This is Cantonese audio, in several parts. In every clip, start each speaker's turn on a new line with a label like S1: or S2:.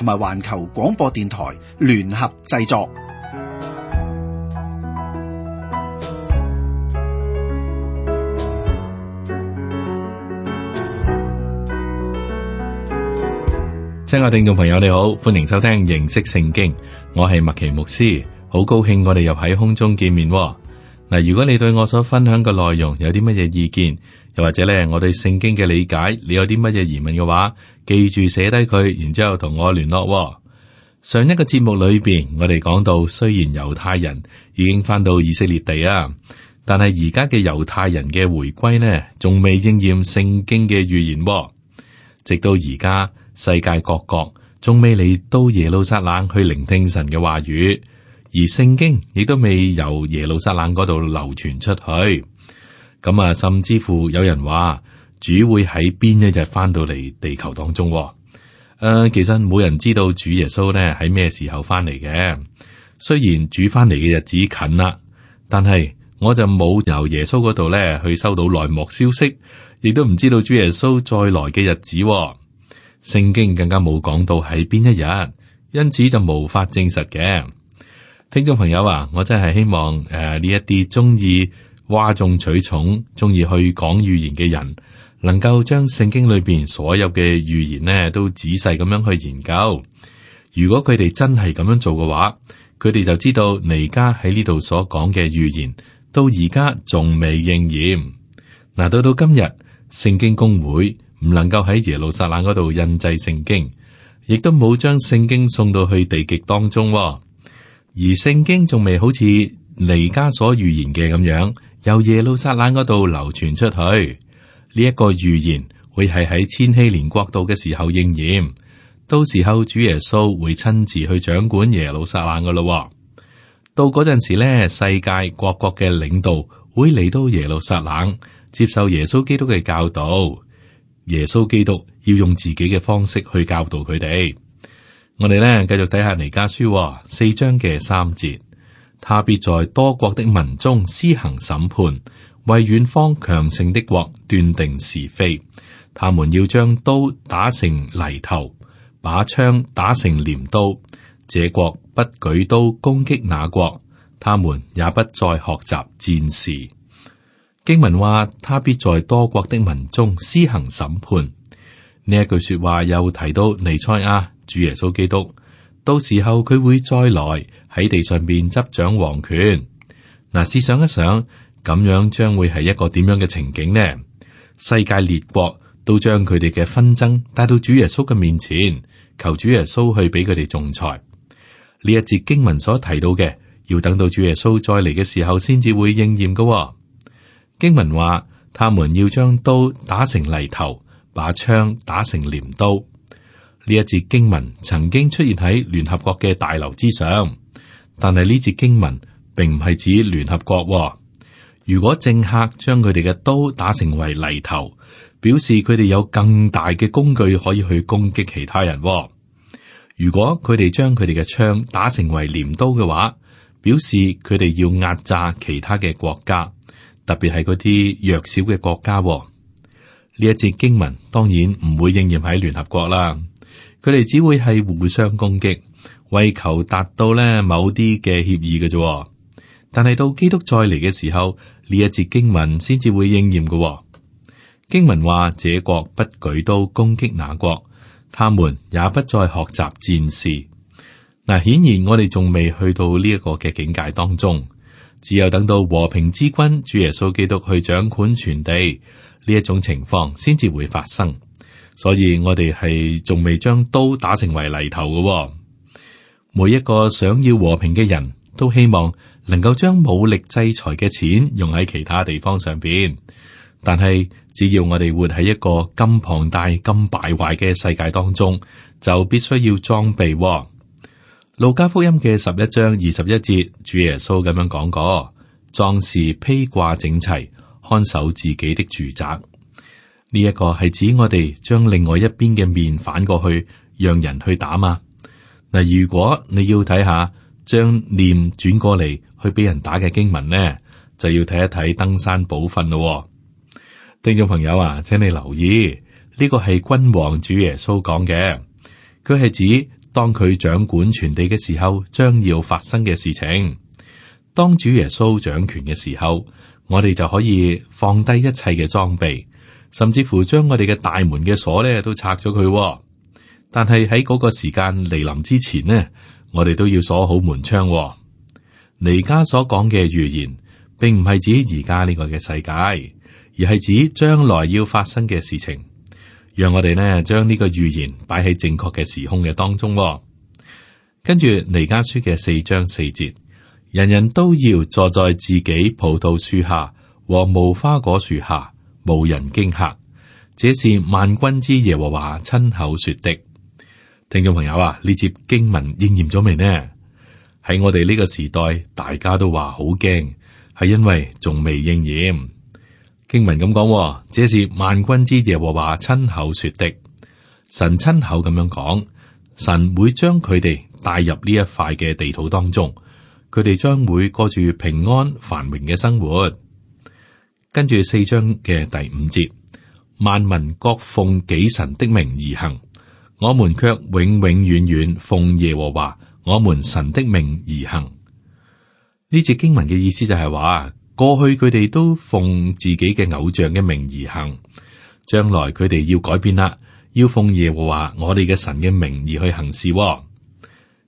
S1: 同埋環球廣播電台聯合製作。親愛聽眾朋友你好，歡迎收聽認識聖經，我係麥奇牧師，好高興我哋又喺空中見面。嗱，如果你對我所分享嘅內容有啲乜嘢意見？又或者咧，我對聖經嘅理解，你有啲乜嘢疑問嘅話，記住寫低佢，然之後同我聯絡，哦。上一個節目裏邊，我哋講到，雖然猶太人已經翻到以色列地啊，但係而家嘅猶太人嘅回歸呢，仲未應驗聖經嘅預言，哦。直到而家，世界各國仲未嚟到耶路撒冷去聆聽神嘅話語，而聖經亦都未由耶路撒冷嗰度流傳出去。咁啊，甚至乎有人話主會喺邊一日翻到嚟地球當中，誒、呃，其實冇人知道主耶穌咧喺咩時候翻嚟嘅。雖然主翻嚟嘅日子近啦，但係我就冇由耶穌嗰度咧去收到內幕消息，亦都唔知道主耶穌再來嘅日子。聖經更加冇講到喺邊一日，因此就無法證實嘅。聽眾朋友啊，我真係希望誒呢一啲中意。呃嘩眾取寵，中意去講預言嘅人，能夠將聖經裏邊所有嘅預言呢都仔細咁樣去研究。如果佢哋真係咁樣做嘅話，佢哋就知道彌迦喺呢度所講嘅預言，到而家仲未應驗。嗱，到到今日，聖經公會唔能夠喺耶路撒冷嗰度印製聖經，亦都冇將聖經送到去地極當中喎，而聖經仲未好似彌迦所預言嘅咁樣。由耶路撒冷嗰度流傳出去，呢、這、一個預言會係喺千禧年國度嘅時候應驗。到時候主耶穌會親自去掌管耶路撒冷噶咯。到嗰陣時咧，世界各國嘅領導會嚟到耶路撒冷接受耶穌基督嘅教導。耶穌基督要用自己嘅方式去教導佢哋。我哋咧繼續睇下彌迦書、哦、四章嘅三節。他必在多國的民中施行審判，為遠方強盛的國斷定是非。他們要將刀打成犁頭，把槍打成鐮刀。這國不舉刀攻擊那國，他們也不再學習戰事。經文話，他必在多國的民中施行審判。呢一句說話又提到彌賽亞主耶穌基督。到時候佢會再來喺地上面執掌皇權。嗱、啊，試想一想，咁樣將會係一個點樣嘅情景呢？世界列國都將佢哋嘅紛爭帶到主耶穌嘅面前，求主耶穌去俾佢哋仲裁。呢一節經文所提到嘅，要等到主耶穌再嚟嘅時候先至會應驗嘅、哦。經文話，他們要將刀打成犁頭，把槍打成鐮刀。呢一節經文曾經出現喺聯合國嘅大樓之上，但係呢節經文並唔係指聯合國哦。如果政客將佢哋嘅刀打成為犁頭，表示佢哋有更大嘅工具可以去攻擊其他人哦；如果佢哋將佢哋嘅槍打成為鐮刀嘅話，表示佢哋要壓榨其他嘅國家，特別係嗰啲弱小嘅國家哦。呢一節經文當然唔會應驗喺聯合國啦。佢哋只會係互相攻擊，為求達到呢某啲嘅協議嘅啫。但係到基督再嚟嘅時候，呢一節經文先至會應驗嘅、哦。經文話：這國不舉刀攻擊那國，他們也不再學習戰事。嗱、呃，顯然我哋仲未去到呢一個嘅境界當中，只有等到和平之君，主耶穌基督去掌管全地，呢一種情況先至會發生。所以我哋係仲未將刀打成為犁頭嘅、哦，每一個想要和平嘅人都希望能夠將武力制裁嘅錢用喺其他地方上邊。但係只要我哋活喺一個咁龐大、咁敗壞嘅世界當中，就必須要裝備、哦。路加福音嘅十一章二十一節，主耶穌咁樣講過：壯士披掛整齊，看守自己的住宅。呢一個係指我哋將另外一邊嘅面反過去，讓人去打嘛嗱。如果你要睇下將念轉過嚟去俾人打嘅經文咧，就要睇一睇登山寶訓咯。聽眾朋友啊，請你留意呢個係君王主耶穌講嘅，佢係指當佢掌管全地嘅時候，將要發生嘅事情。當主耶穌掌權嘅時候，我哋就可以放低一切嘅裝備。甚至乎將我哋嘅大門嘅鎖咧都拆咗佢，但係喺嗰個時間嚟臨之前呢，我哋都要鎖好門窗。彌迦所講嘅預言，並唔係指而家呢個嘅世界，而係指將來要發生嘅事情。讓我哋呢將呢個預言擺喺正確嘅時空嘅當中。跟住彌迦書嘅四章四節，人人都要坐在自己葡萄樹下和無花果樹下。無人驚嚇，這是萬軍之耶和華親口說的。聽眾朋友啊，呢節經文應驗咗未呢？喺我哋呢個時代，大家都話好驚，係因為仲未應驗。經文咁講，這是萬軍之耶和華親口說的，神親口咁樣講，神會將佢哋帶入呢一塊嘅地土當中，佢哋將會過住平安繁榮嘅生活。跟住四章嘅第五節，萬民各奉己神的名而行，我們卻永永遠遠奉耶和華我們神的名而行。呢節經文嘅意思就係話，過去佢哋都奉自己嘅偶像嘅名而行，將來佢哋要改變啦，要奉耶和華我哋嘅神嘅名而去行事喎。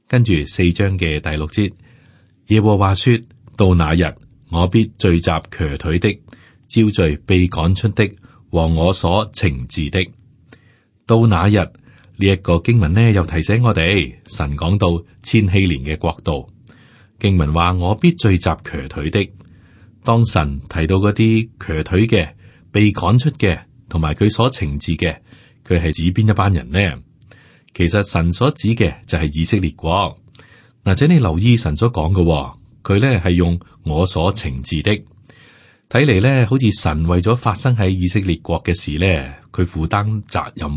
S1: 跟住四章嘅第六節，耶和華說，到那日，我必聚集瘸腿的。招聚被趕出的和我所懲治的。到那日呢，一個經文呢又提醒我哋，神講到千禧年嘅國度，經文話我必聚集瘸腿的。當神提到嗰啲瘸腿嘅、被趕出嘅同埋佢所懲治嘅，佢係指邊一班人呢？其實神所指嘅就係以色列國。嗱，且你留意神所講嘅，佢咧係用我所懲治的。睇嚟咧，好似神為咗發生喺以色列國嘅事咧，佢負擔責任。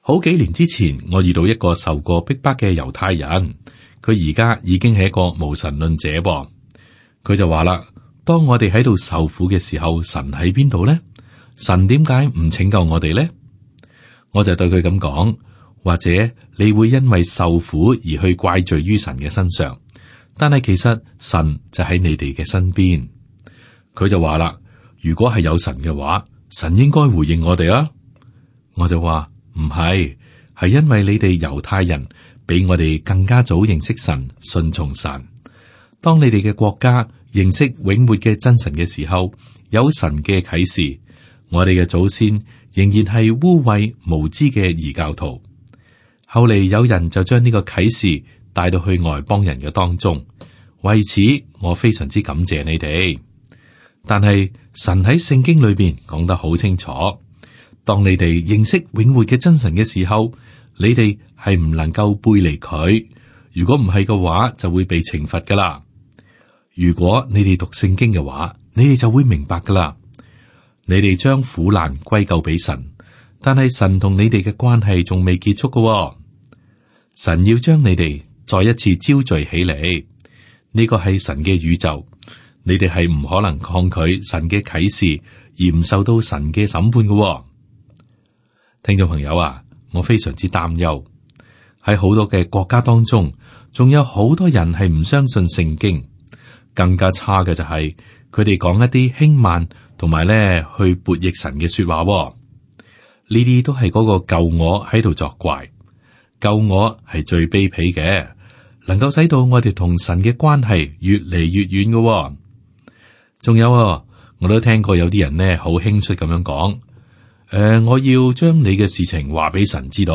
S1: 好幾年之前，我遇到一個受過逼迫嘅猶太人，佢而家已經係一個無神論者噃。佢就話啦：當我哋喺度受苦嘅時候，神喺邊度咧？神點解唔拯救我哋咧？我就對佢咁講，或者你會因為受苦而去怪罪於神嘅身上，但係其實神就喺你哋嘅身邊。佢就話啦，如果係有神嘅話，神應該回應我哋啊。我就話唔係，係因為你哋猶太人比我哋更加早認識神，信從神。當你哋嘅國家認識永活嘅真神嘅時候，有神嘅啟示，我哋嘅祖先仍然係污穢無知嘅異教徒。後嚟有人就將呢個啟示帶到去外邦人嘅當中，為此我非常之感謝你哋。但係神喺聖經裏邊講得好清楚，當你哋認識永活嘅真神嘅時候，你哋係唔能夠背離佢。如果唔係嘅話，就會被懲罰噶啦。如果你哋讀聖經嘅話，你哋就會明白噶啦。你哋將苦難歸咎俾神，但係神同你哋嘅關係仲未結束噶喎。神要將你哋再一次招聚起嚟，呢、這個係神嘅宇宙。你哋係唔可能抗拒神嘅啟示而唔受到神嘅審判嘅、哦，聽眾朋友啊，我非常之擔憂喺好多嘅國家當中，仲有好多人係唔相信聖經，更加差嘅就係佢哋講一啲輕慢同埋咧去駁逆神嘅說話、哦，呢啲都係嗰個舊我喺度作怪，舊我係最卑鄙嘅，能夠使到我哋同神嘅關係越嚟越遠嘅、哦。仲有，有、呃、啊，我都聽過有啲人咧，好輕率咁樣講誒。我要將你嘅事情話俾神知道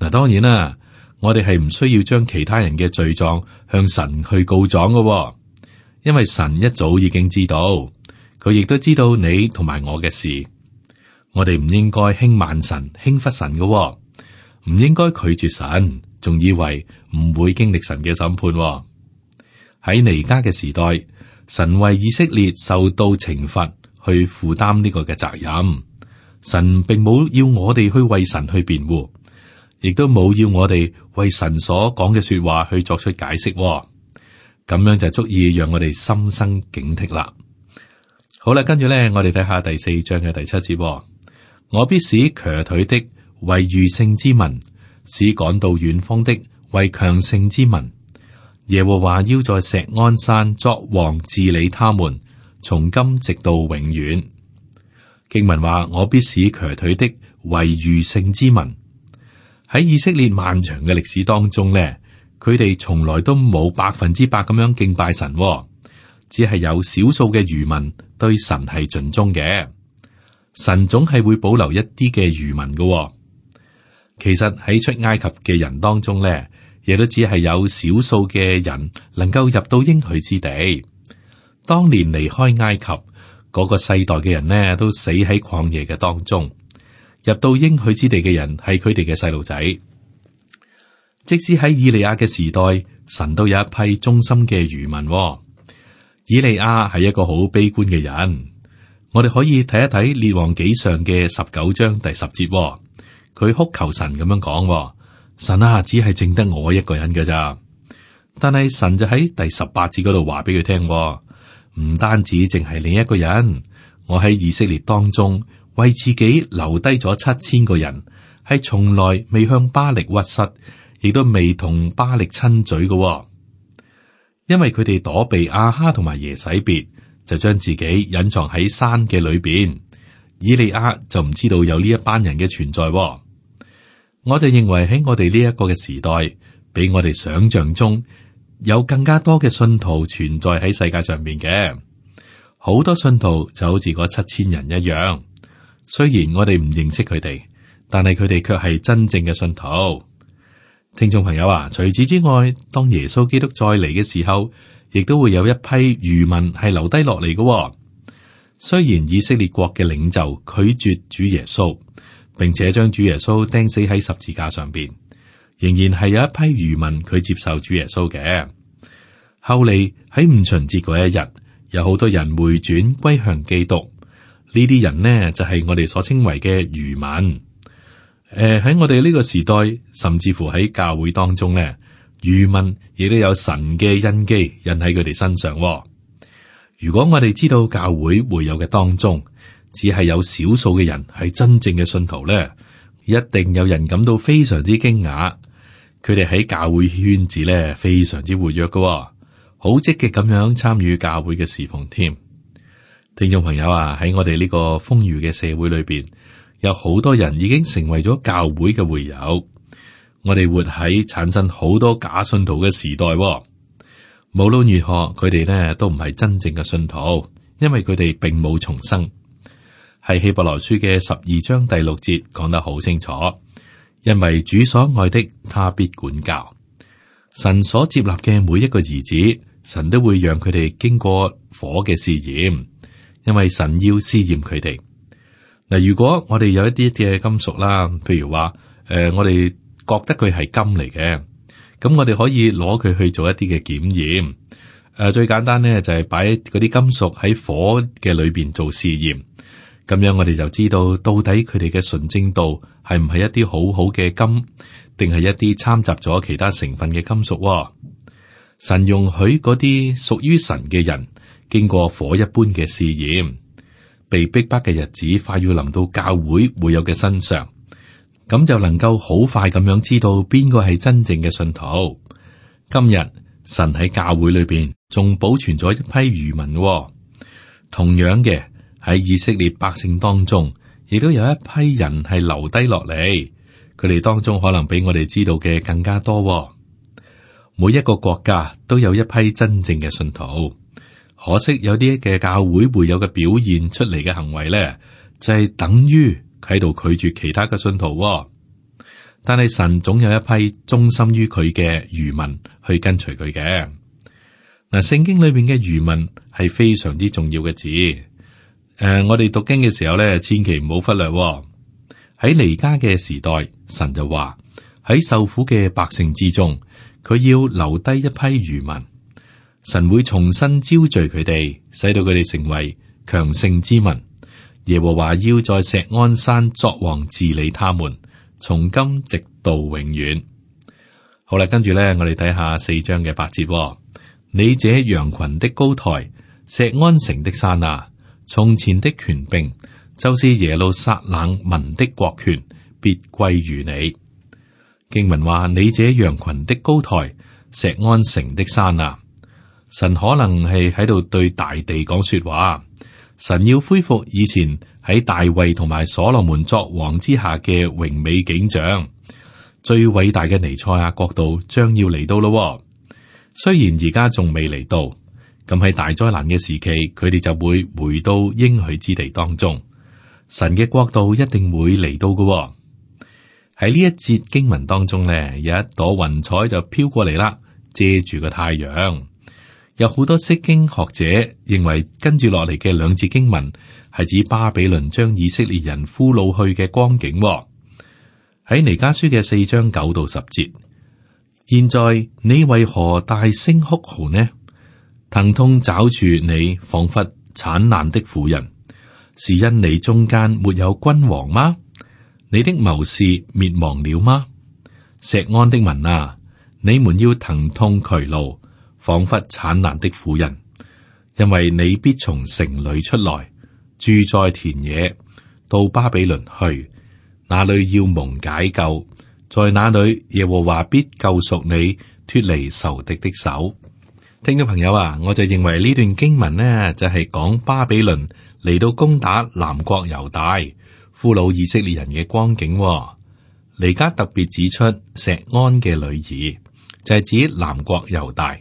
S1: 嗱。當然啦，我哋係唔需要將其他人嘅罪狀向神去告狀噶、哦，因為神一早已經知道佢，亦都知道你同埋我嘅事。我哋唔應該輕慢神，輕忽神噶、哦，唔應該拒絕神，仲以為唔會經歷神嘅審判喺、哦、呢家嘅時代。神為以色列受到懲罰去負擔呢個嘅責任，神並冇要我哋去為神去辯護，亦都冇要我哋為神所講嘅說話去作出解釋，咁樣就足以讓我哋心生警惕啦。好啦，跟住咧，我哋睇下第四章嘅第七節，我必使瘸腿的為餘剩之民，使趕到遠方的為強盛之民。耶和華要在錫安山作王治理他們，從今直到永遠。經文話：我必使瘸腿的為餘剩之民。喺以色列漫長嘅歷史當中呢，佢哋從來都冇百分之百咁樣敬拜神哦，只係有少數嘅餘民對神係盡忠嘅。神總係會保留一啲嘅餘民嘅哦。其實喺出埃及嘅人當中呢。亦都只係有少數嘅人能夠入到應許之地。當年離開埃及嗰、那個世代嘅人呢，都死喺曠野嘅當中。入到應許之地嘅人係佢哋嘅細路仔。即使喺以利亞嘅時代，神都有一批忠心嘅餘民、哦。以利亞係一個好悲觀嘅人。我哋可以睇一睇列王紀上嘅十九章第十節、哦，佢哭求神咁樣講、哦。神啊，只係剩得我一個人嘅咋？但係神就喺第十八節嗰度話俾佢聽，唔單止淨係你一個人，我喺以色列當中為自己留低咗七千個人，係從來未向巴力屈膝，亦都未同巴力親嘴嘅。因為佢哋躲避亞哈同埋耶洗別，就將自己隱藏喺山嘅裏邊。以利亞就唔知道有呢一班人嘅存在。我哋認為喺我哋呢一個嘅時代，比我哋想象中有更加多嘅信徒存在喺世界上面嘅。好多信徒就好似嗰七千人一樣，雖然我哋唔認識佢哋，但係佢哋卻係真正嘅信徒。聽眾朋友啊，除此之外，當耶穌基督再嚟嘅時候，亦都會有一批餘民係留低落嚟嘅。雖然以色列國嘅領袖拒絕主耶穌。並且將主耶穌釘死喺十字架上邊，仍然係有一批餘民佢接受主耶穌嘅。後嚟喺五旬節嗰一日，有好多人回轉歸向基督。呢啲人呢就係、是、我哋所稱為嘅餘民。誒、呃、喺我哋呢個時代，甚至乎喺教會當中呢，餘民亦都有神嘅恩機印喺佢哋身上。如果我哋知道教會會有嘅當中。只係有少數嘅人係真正嘅信徒咧，一定有人感到非常之驚訝。佢哋喺教會圈子咧非常之活躍噶，好積極咁樣參與教會嘅侍奉添。聽眾朋友啊，喺我哋呢個豐裕嘅社會裏邊，有好多人已經成為咗教會嘅會友。我哋活喺產生好多假信徒嘅時代，無論如何，佢哋咧都唔係真正嘅信徒，因為佢哋並冇重生。係希伯來書嘅十二章第六節講得好清楚，因為主所愛的，他必管教；神所接納嘅每一個兒子，神都會讓佢哋經過火嘅試驗，因為神要試驗佢哋。嗱，如果我哋有一啲嘅金屬啦，譬如話，誒、呃，我哋覺得佢係金嚟嘅，咁我哋可以攞佢去做一啲嘅檢驗。誒、呃，最簡單咧就係擺嗰啲金屬喺火嘅裏邊做試驗。咁樣我哋就知道到底佢哋嘅純正度係唔係一啲好好嘅金，定係一啲摻雜咗其他成分嘅金屬、哦。神容許嗰啲屬於神嘅人經過火一般嘅試驗，被逼迫嘅日子快要臨到教會會友嘅身上，咁就能夠好快咁樣知道邊個係真正嘅信徒。今日神喺教會裏邊仲保存咗一批餘民、哦，同樣嘅。喺以色列百姓當中，亦都有一批人係留低落嚟。佢哋當中可能比我哋知道嘅更加多、哦。每一個國家都有一批真正嘅信徒。可惜有啲嘅教會會有嘅表現出嚟嘅行為咧，就係、是、等於喺度拒絕其他嘅信徒、哦。但係神總有一批忠心於佢嘅餘民去跟隨佢嘅。嗱，聖經裏邊嘅餘民係非常之重要嘅字。誒、嗯，我哋讀經嘅時候咧，千祈唔好忽略喺、哦、彌迦嘅時代，神就話喺受苦嘅百姓之中，佢要留低一批餘民，神會重新招聚佢哋，使到佢哋成為強盛之民。耶和華要在錫安山作王治理他們，從今直到永遠。好啦，跟住咧，我哋睇下四章嘅八節、哦。你這羊群的高台，錫安城的山啊！從前的權柄，就是耶路撒冷民的國權，別歸於你。經文話：你這羊群的高台，石安城的山啊！神可能係喺度對大地講說話，神要恢復以前喺大衛同埋所羅門作王之下嘅榮美景象，最偉大嘅尼賽亞國度將要嚟到咯。雖然而家仲未嚟到。咁喺大災難嘅時期，佢哋就會回到應許之地當中。神嘅國度一定會嚟到嘅，哦。喺呢一節經文當中呢，有一朵雲彩就飄過嚟啦，遮住個太陽。有好多釋經學者認為，跟住落嚟嘅兩節經文係指巴比倫將以色列人俘虜去嘅光景，哦。喺彌迦書嘅四章九到十節，現在你為何大聲哭嚎呢？疼痛抓住你，仿佛產難的婦人，是因你中間沒有君王嗎？你的謀士滅亡了嗎？錫安的民啊，你們要疼痛劬勞，劬勞仿佛產難的婦人，因為你必從城裏出來，住在田野，到巴比倫去，那裏要蒙解救，在那裏耶和華必救贖你，脫離仇敵的手。聽嘅朋友啊，我就認為呢段經文呢，就係、是、講巴比倫嚟到攻打南國猶大，俘虜以色列人嘅光景、哦。彌迦特別指出錫安嘅女兒就係、是、指南國猶大，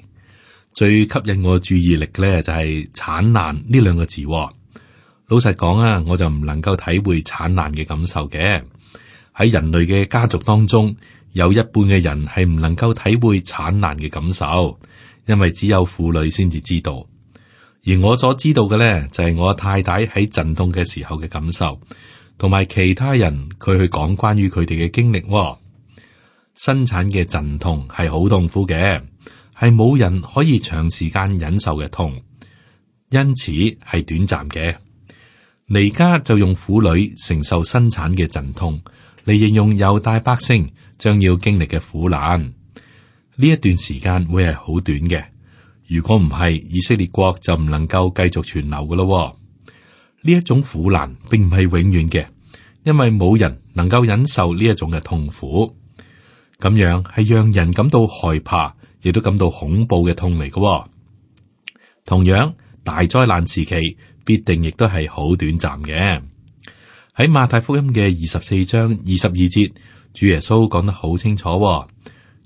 S1: 最吸引我注意力嘅咧就係、是、產難呢兩個字、哦。老實講啊，我就唔能夠體會產難嘅感受嘅，喺人類嘅家族當中有一半嘅人係唔能夠體會產難嘅感受。因為只有婦女先至知道，而我所知道嘅咧就係、是、我太太喺陣痛嘅時候嘅感受，同埋其他人佢去講關於佢哋嘅經歷、哦。生產嘅陣痛係好痛苦嘅，係冇人可以長時間忍受嘅痛，因此係短暫嘅。而家就用婦女承受生產嘅陣痛嚟形容猶大百姓將要經歷嘅苦難。呢一段時間會係好短嘅，如果唔係，以色列國就唔能夠繼續存留㗎咯。呢一種苦難並唔係永遠嘅，因為冇人能夠忍受呢一種嘅痛苦，咁樣係讓人感到害怕，亦都感到恐怖嘅痛嚟嘅。同樣，大災難時期必定亦都係好短暫嘅。喺馬太福音嘅二十四章二十二節，主耶穌講得好清楚。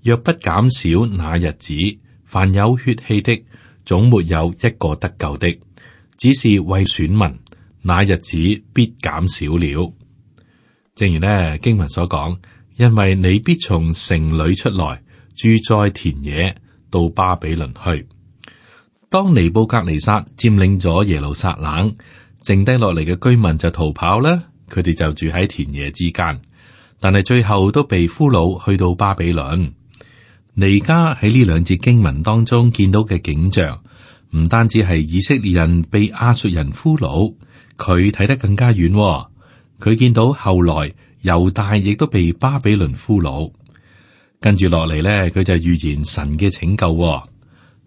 S1: 若不減少那日子，凡有血氣的，總沒有一個得救的。只是為選民，那日子必減少了。正如呢經文所講，因為你必從城裏出來，住在田野，到巴比倫去。當尼布格尼薩佔領咗耶路撒冷，剩低落嚟嘅居民就逃跑啦。佢哋就住喺田野之間，但係最後都被俘虜去到巴比倫。彌迦喺呢兩節經文當中見到嘅景象，唔單止係以色列人被亞述人俘虜，佢睇得更加遠，哦。佢見到後來猶大亦都被巴比倫俘虜。跟住落嚟呢，佢就預言神嘅拯救，哦，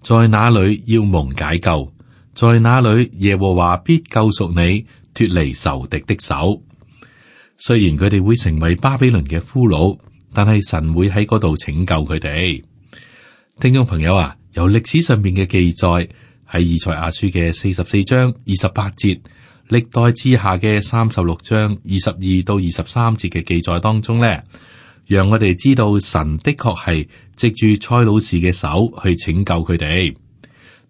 S1: 在那裏要蒙解救，在那裏耶和華必救贖你，脫離仇敵的手。雖然佢哋會成為巴比倫嘅俘虜。但係神會喺嗰度拯救佢哋。聽眾朋友啊，由歷史上邊嘅記載喺以賽亞書嘅四十四章二十八節，歷代志下嘅三十六章二十二到二十三節嘅記載當中呢，讓我哋知道神的確係藉住蔡老師嘅手去拯救佢哋。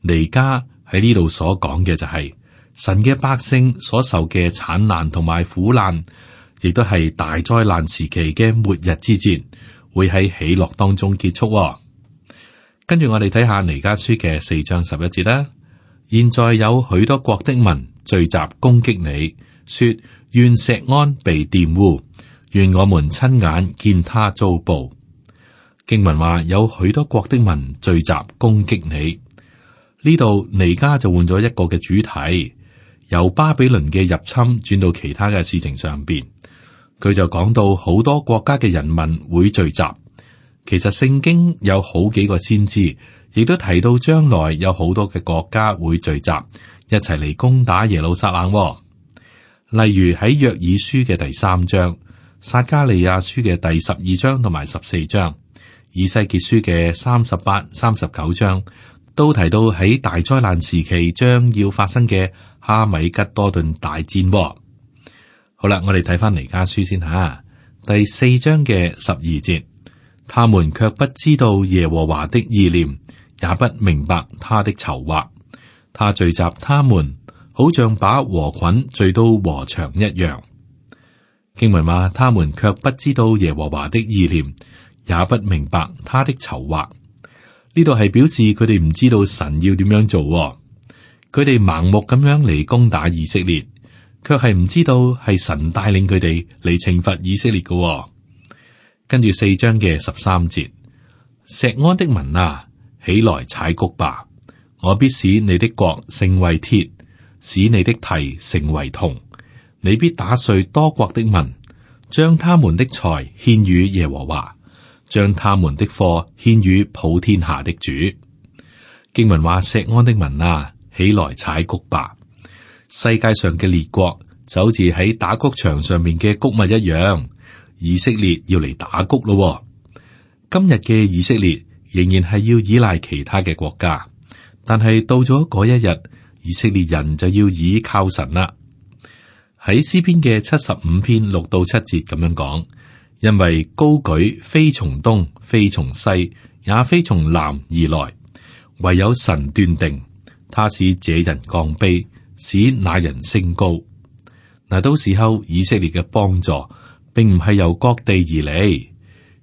S1: 彌迦喺呢度所講嘅就係、是、神嘅百姓所受嘅慘難同埋苦難。亦都係大災難時期嘅末日之戰，會喺喜樂當中結束，哦。跟住我哋睇下彌迦書嘅四章十一節啦。現在有許多國的民聚集攻擊你，說願錫安被玷污，願我們親眼見他遭報。經文話有許多國的民聚集攻擊你呢度，彌迦就換咗一個嘅主題，由巴比倫嘅入侵轉到其他嘅事情上邊。佢就講到好多國家嘅人民會聚集，其實聖經有好幾個先知，亦都提到將來有好多嘅國家會聚集，一齊嚟攻打耶路撒冷哦。例如喺約爾書嘅第三章、撒加利亞書嘅第十二章同埋十四章、以西結書嘅三十八、三十九章，都提到喺大災難時期將要發生嘅哈米吉多頓大戰哦。好啦，我哋睇翻彌迦書先吓，第四章嘅十二節，他們卻不知道耶和華的意念，也不明白他的籌劃。他聚集他們，好像把禾捆聚到禾場一樣。經文話，他們卻不知道耶和華的意念，也不明白他的籌劃。呢度係表示佢哋唔知道神要點樣做，哦，佢哋盲目咁樣嚟攻打以色列。卻係唔知道係神帶領佢哋嚟懲罰以色列嘅喎。跟住四章嘅十三節，錫安的民啊，起來踩谷吧！我必使你的國成為鐵，使你的蹄成為銅。你必打碎多國的民，將他們的財獻與耶和華，將他們的貨獻與普天下的主。經文話：錫安的民啊，起來踩谷吧！世界上嘅列國就好似喺打穀場上面嘅穀物一樣，以色列要嚟打穀咯。今日嘅以色列仍然係要依賴其他嘅國家，但係到咗嗰一日，以色列人就要倚靠神啦。喺詩篇嘅七十五篇六到七節咁樣講，因為高舉非從東，非從西，也非從南而來，唯有神斷定，他使這人降卑。使那人升高嗱，到時候以色列嘅幫助並唔係由各地而嚟，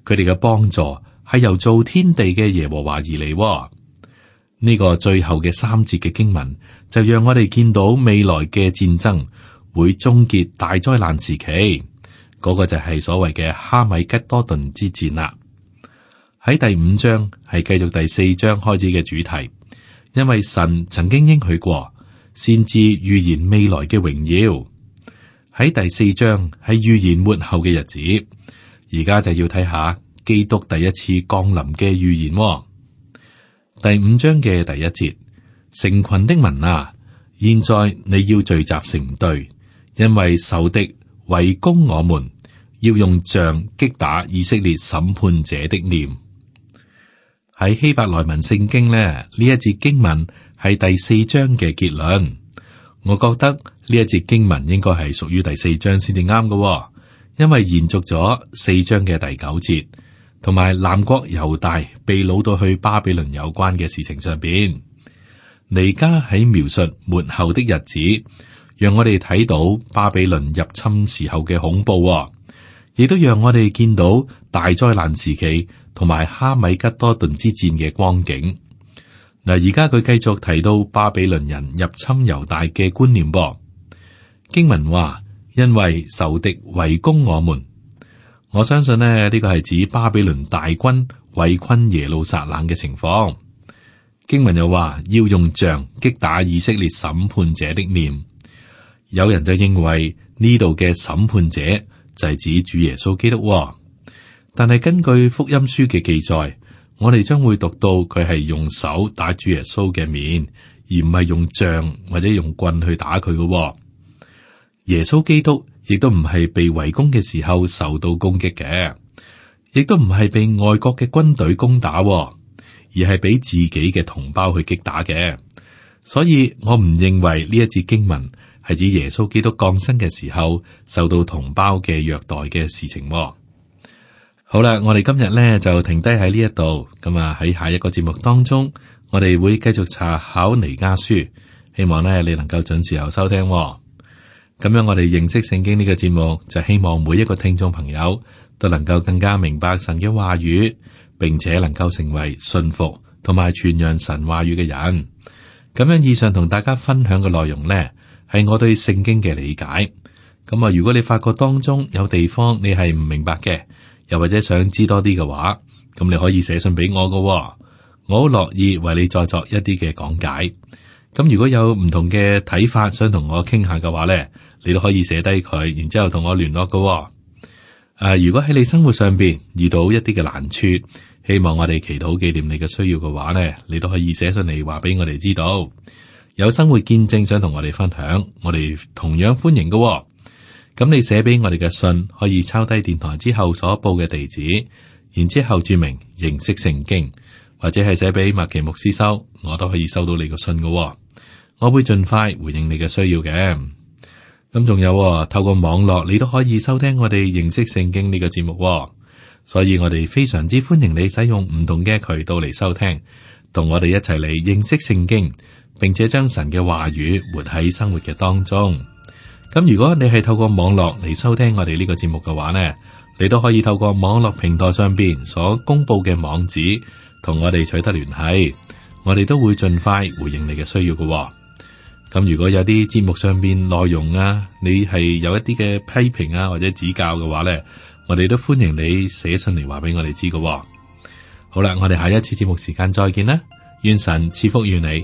S1: 佢哋嘅幫助係由造天地嘅耶和華而嚟。哦。呢、這個最後嘅三節嘅經文就讓我哋見到未來嘅戰爭會終結大災難時期嗰，那個就係所謂嘅哈米吉多頓之戰啦。喺第五章係繼續第四章開始嘅主題，因為神曾經應許過。先至預言未來嘅榮耀，喺第四章係預言末後嘅日子。而家就要睇下基督第一次降臨嘅預言。第五章嘅第一節，成群的民啊，現在你要聚集成隊，因為仇敵圍攻我們，要用杖擊打以色列審判者的臉。喺希伯來文聖經呢，呢一節經文，係第四章嘅結論，我覺得呢一節經文應該係屬於第四章先至啱嘅，因為延續咗四章嘅第九節，同埋南國猶大被擄到去巴比倫有關嘅事情上邊。彌迦喺描述末後的日子，讓我哋睇到巴比倫入侵時候嘅恐怖、哦，亦都讓我哋見到大災難時期同埋哈米吉多頓之戰嘅光景。嗱，而家佢繼續提到巴比倫人入侵猶大嘅觀念噃。經文話，因為仇敵圍攻我們，我相信咧呢個係指巴比倫大軍圍困耶路撒冷嘅情況。經文又話要用杖擊打以色列審判者的面。有人就認為呢度嘅審判者就係指主耶穌基督。但係根據福音書嘅記載，我哋將會讀到佢係用手打住耶穌嘅面，而唔係用杖或者用棍去打佢嘅。耶穌基督亦都唔係被圍攻嘅時候受到攻擊嘅，亦都唔係被外國嘅軍隊攻打，而係俾自己嘅同胞去擊打嘅。所以我唔認為呢一節經文係指耶穌基督降生嘅時候受到同胞嘅虐待嘅事情。好啦，我哋今日呢就停低喺呢一度。咁、嗯、啊，喺下一個節目當中，我哋會繼續查考彌迦書。希望呢你能夠準時又收聽、哦。咁樣，我哋認識聖經呢、呢個節目就希望每一個聽眾朋友都能夠更加明白神嘅話語，並且能夠成為信服同埋傳揚神話語嘅人。咁樣，以上同大家分享嘅內容呢，係我對聖經嘅理解。咁、嗯、啊，如果你發覺當中有地方你係唔明白嘅。又或者想知多啲嘅話，咁你可以寫信俾我嘅、哦，我好樂意為你再作一啲嘅講解。咁如果有唔同嘅睇法，想同我傾下嘅話呢，你都可以寫低佢，然之後同我聯絡嘅、哦。誒、啊，如果喺你生活上邊遇到一啲嘅難處，希望我哋祈禱紀念你嘅需要嘅話呢，你都可以寫信嚟話俾我哋知道。有生活見證想同我哋分享，我哋同樣歡迎嘅、哦。咁你寫俾我哋嘅信，可以抄低電台之後所報嘅地址，然之後注明認識聖經，或者係寫俾麥奇牧師收，我都可以收到你個信噶喎。我會盡快回應你嘅需要嘅。咁仲有喎，透過網絡，你都可以收聽我哋認識聖經呢個節目喎。所以我哋非常之歡迎你使用唔同嘅渠道嚟收聽，同我哋一齊嚟認識聖經，並且將神嘅話語活喺生活嘅當中。咁如果你係透過網絡嚟收聽我哋呢個節目嘅話呢，你都可以透過網絡平台上邊所公布嘅網址同我哋取得聯繫，我哋都會盡快回應你嘅需要嘅哦。咁如果有啲節目上邊內容啊，你係有一啲嘅批評啊或者指教嘅話呢，我哋都歡迎你寫信嚟話俾我哋知嘅。好啦，我哋下一次節目時間再見啦，願神賜福於你。